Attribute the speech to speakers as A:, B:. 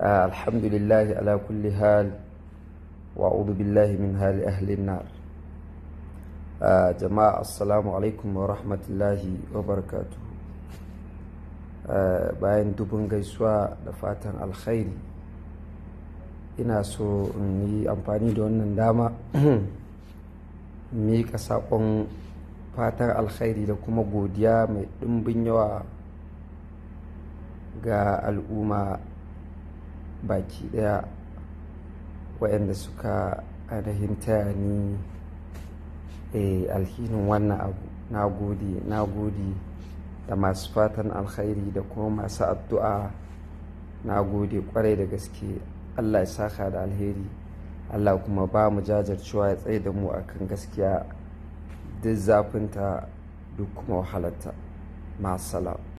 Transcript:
A: الحمد لله على كل حال وأعوذ بالله من حال أهل النار جماعة السلام عليكم ورحمة الله وبركاته باين دوبن غيسوا دفاتن الخير ina so in yi amfani da wannan dama miƙa saƙon fatan alkhairi da kuma godiya mai ɗimbin yawa ga al'umma baki daya waɗanda suka ainihin taya ni eh, alhinin wannan abu na gode na gode da masu fatan alkhairi da kuma masu addu'a na gode kwarai da gaske allah ya saka da alheri allah kuma ba mu jajircewa ya tsaye da mu akan gaskiya duk zafinta duk kuma wahalarta masu salam